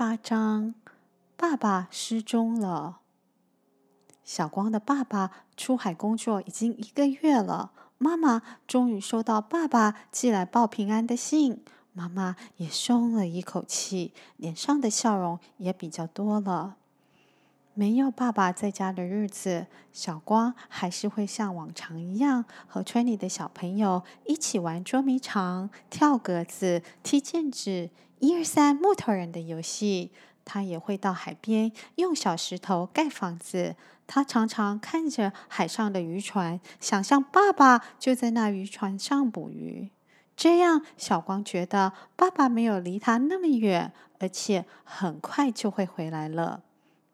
八章，爸爸失蹤了。小光的爸爸出海工作已經一個月了，媽媽終於收到爸爸寄來報平安的信，媽媽也鬆了一口氣，臉上的笑容也比較多了。沒有爸爸在家的日子，小光還是會像往常一樣，和村裡的小朋友一起玩捉迷藏、跳格子、踢毽子。一二三，木頭人的遊戲，他也會到海邊用小石頭蓋房子。他常常看着海上的漁船，想象爸爸就在那漁船上捕魚。這樣，小光覺得爸爸沒有離他那麼遠，而且很快就會回來了。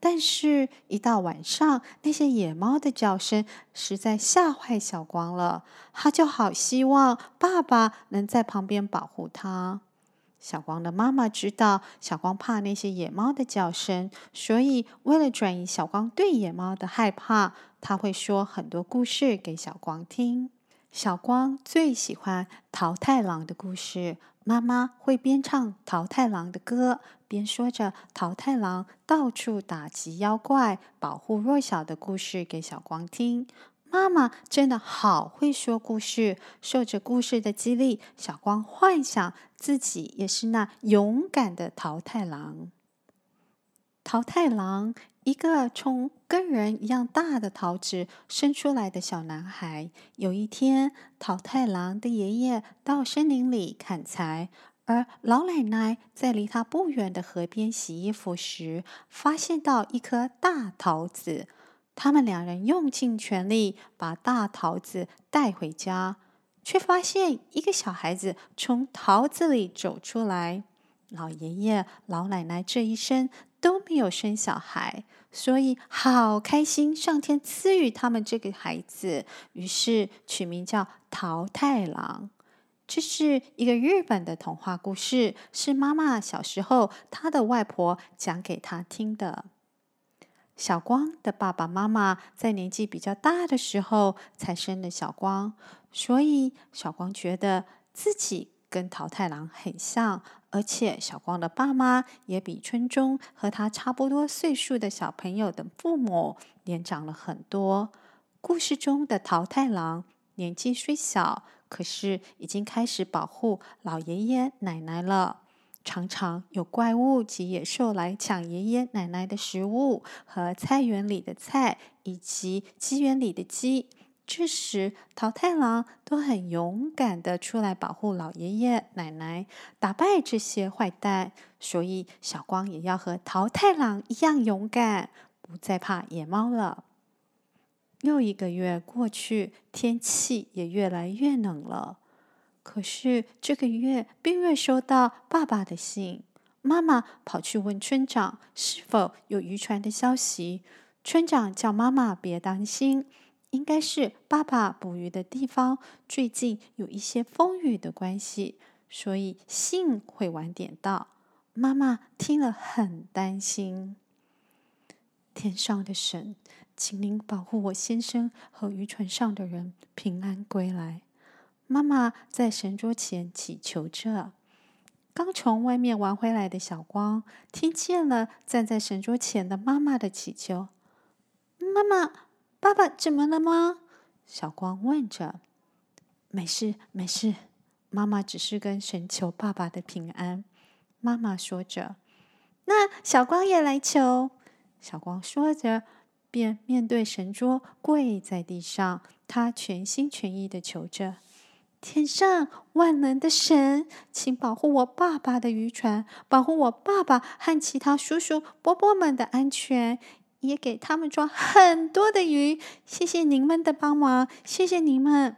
但是，一到晚上，那些野貓的叫聲實在嚇壞小光了。他就好希望爸爸能在旁邊保護他。小光的媽媽知道小光怕那些野貓的叫聲，所以為了轉移小光對野貓的害怕，她會說很多故事給小光聽。小光最喜歡桃太郎的故事，媽媽會邊唱桃太郎的歌，邊說着桃太郎到處打擊妖怪、保護弱小的故事給小光聽。媽媽真的好會說故事，受着故事的激勵，小光幻想自己也是那勇敢的桃太郎。桃太郎，一個從跟人一樣大的桃子生出來的小男孩。有一天，桃太郎的爺爺到森林裡砍柴，而老奶奶在離他不遠的河邊洗衣服時，發現到一顆大桃子。他們兩人用盡全力把大桃子帶回家，卻發現一個小孩子，從桃子裡走出來。老爺爺、老奶奶這一生都沒有生小孩，所以好開心，上天賜予他們這個孩子，於是取名叫桃太郎。這是一個日本的童話故事，是媽媽小時候她的外婆講給她聽的。小光的爸爸媽媽在年紀比較大的時候才生了小光，所以小光覺得自己跟桃太郎很像，而且小光的爸媽也比村中和他差不多歲數的小朋友的父母年長了很多。故事中的桃太郎年紀雖小，可是已經開始保護老爺爺奶奶了。常常有怪物及野獸來搶爺爺奶奶的食物和菜園裡的菜，以及雞園裡的雞。這時，桃太郎都很勇敢的出來保護老爺爺奶奶，打敗這些壞蛋。所以，小光也要和桃太郎一樣勇敢，不再怕野貓了。又一個月過去，天氣也越來越冷了。可是這個月並未收到爸爸的信，媽媽跑去問村長是否有漁船的消息。村長叫媽媽別擔心，應該是爸爸捕魚的地方最近有一些風雨的關係，所以信會晚點到。媽媽聽了很擔心。天上的神，請您保護我先生和漁船上的人平安歸來。媽媽在神桌前祈求着。剛從外面玩回來的小光聽見了站在神桌前的媽媽的祈求。“媽媽，爸爸怎麼了嗎？”小光問着。“沒事，沒事，媽媽只是跟神求爸爸的平安。”媽媽說着。那小光也來求。小光說着，便面對神桌跪在地上，她全心全意的求着。天上萬能的神，請保護我爸爸的漁船，保護我爸爸和其他叔叔伯伯們的安全，也給他們裝很多的魚。謝謝您們的幫忙，謝謝您們。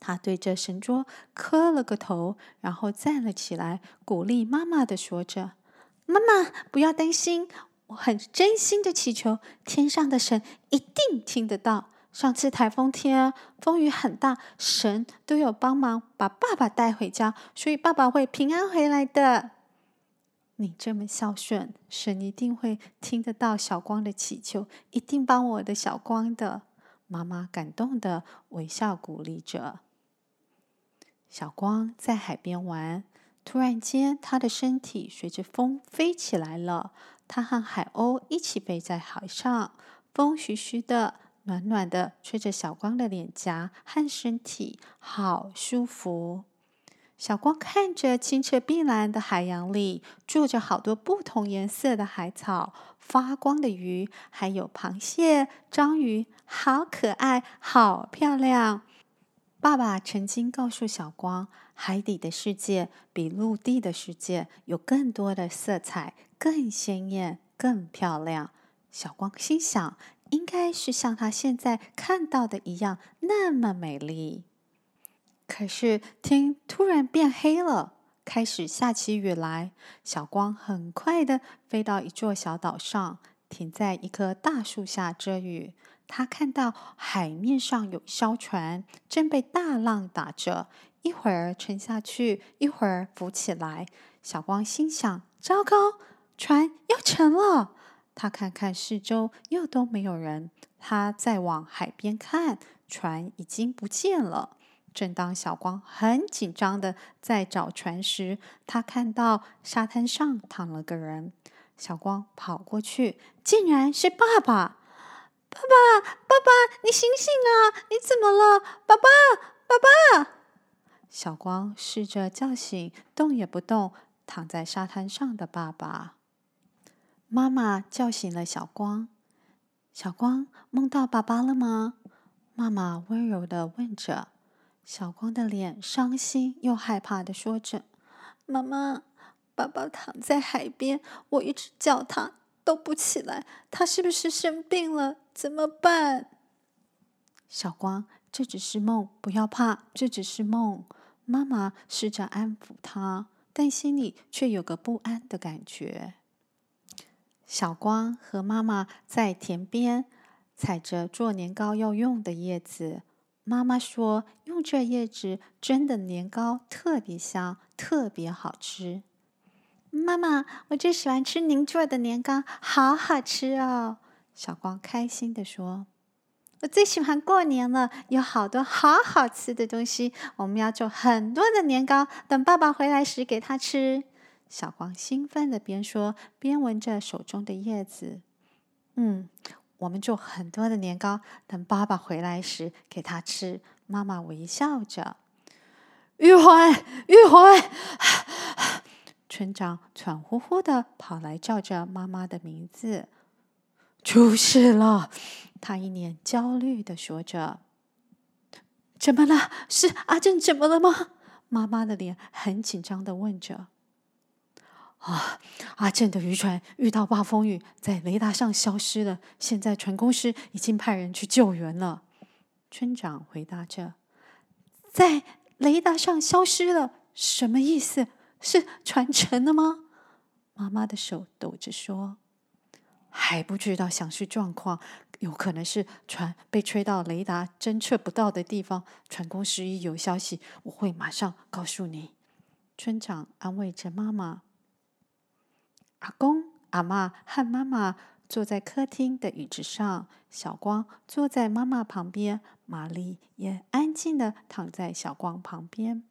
他對着神桌磕了個頭，然後站了起來，鼓勵媽媽的說着：“媽媽，不要擔心，我很真心的祈求，天上的神一定聽得到。”上次台風天，風雨很大，神都有幫忙把爸爸帶回家，所以爸爸會平安回來的。你這麼孝順，神一定會聽得到小光的祈求，一定幫我的小光的。媽媽感動地微笑鼓勵著。小光在海邊玩，突然間，她的身體隨着風飛起來了，她和海鷗一起飛在海上，風徐徐的。暖暖的吹着小光的臉頰和身體，好舒服。小光看着清澈碧藍的海洋裡，住着好多不同顏色的海草、發光的魚，還有螃蟹、章魚，好可愛，好漂亮。爸爸曾經告訴小光，海底的世界比陸地的世界有更多的色彩，更鮮艷，更漂亮。小光心想，應該是像他現在看到的一樣那麼美麗，可是天突然變黑了，開始下起雨來。小光很快地飛到一座小島上，停在一棵大樹下遮雨。他看到海面上有一艘船，正被大浪打着，一會兒沉下去，一會兒浮起來。小光心想：糟糕，船要沉了。他看看四周，又都沒有人。他再往海邊看，船已經不見了。正當小光很緊張的在找船時，他看到沙灘上躺了個人。小光跑過去，竟然是爸爸！爸爸，爸爸，你醒醒啊！你怎麼了？爸爸，爸爸！小光試着叫醒，動也不動躺在沙灘上的爸爸。媽媽叫醒了小光，小光夢到爸爸了嗎？媽媽溫柔的問着。小光的臉傷心又害怕的說着：“媽媽，爸爸躺在海邊，我一直叫他都不起來，他是不是生病了？怎麼辦？”小光，這只是夢，不要怕，這只是夢。媽媽試着安撫他，但心裡卻有個不安的感覺。小光和媽媽在田邊採着做年糕要用的葉子。媽媽說：“用這葉子蒸的年糕特別香，特別好吃。”媽媽，我最喜歡吃您做的年糕，好好吃哦！小光開心地說：“我最喜歡過年了，有好多好好吃的東西。我們要做很多的年糕，等爸爸回來時給他吃。”小光興奮的邊說邊聞着手中的葉子，“嗯，我們做很多的年糕，等爸爸回來時給他吃。”媽媽微笑着。玉環，玉環，村長喘呼呼的跑來，叫着媽媽的名字。出事了！他一臉焦慮的說着。怎麼了？是阿正怎麼了嗎？媽媽的臉很緊張的問着。啊！阿正的漁船遇到暴風雨，在雷達上消失了。現在船公司已經派人去救援了。村長回答着：“在雷達上消失了，什麼意思？是船沉了嗎？”媽媽的手抖着說：“還不知道詳細狀況，有可能是船被吹到雷達偵測不到的地方。船公司一有消息，我會馬上告訴你。”村長安慰着媽媽。阿公、阿嬤和媽媽坐在客廳的椅子上，小光坐在媽媽旁邊，瑪麗也安靜的躺在小光旁邊。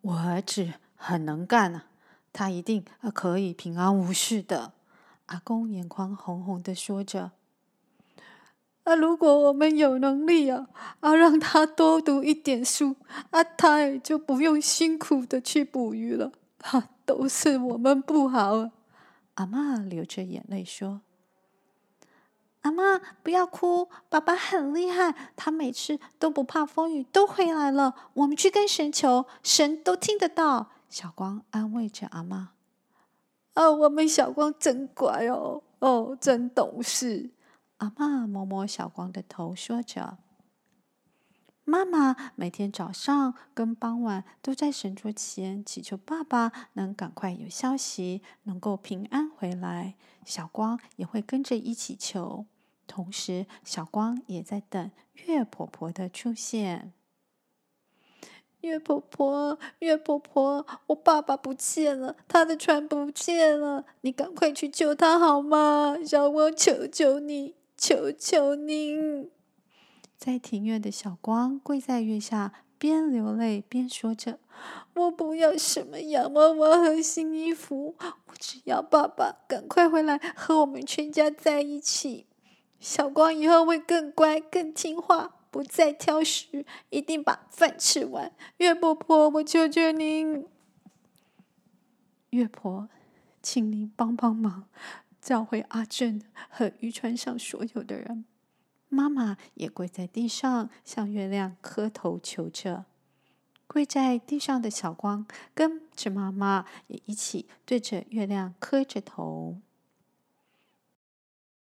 我兒子很能幹啊，他一定可以平安無事的。阿公眼眶紅紅的說着：“如果我們有能力啊，啊讓他多讀一點書，啊他也就不用辛苦的去捕魚了。”哈。都是我們不好，啊，阿嬤流着眼淚說：“阿嬤，不要哭，爸爸很厲害，他每次都不怕風雨，都回來了。我們去跟神求，神都聽得到。”小光安慰着阿嬤：“哦、啊，我們小光真乖哦，哦，真懂事。”阿嬤摸摸小光的頭，說着。媽媽每天早上跟傍晚都在神桌前祈求爸爸能趕快有消息，能夠平安回來。小光也會跟着一起求，同時小光也在等月婆婆的出現。月婆婆，月婆婆，我爸爸不見了，他的船不見了，你趕快去救他好嗎？小光求求你，求求你！在庭院的小光跪在月下，邊流淚邊說着：“我不要什麼洋娃娃和新衣服，我只要爸爸趕快回來和我們全家在一起。小光以後會更乖、更聽話，不再挑食，一定把飯吃完。”月婆婆，我求求您，月婆，請您幫幫忙，召回阿正和漁船上所有的人。媽媽也跪在地上向月亮磕頭求着。跪在地上的小光跟着媽媽也一起對着月亮磕着頭。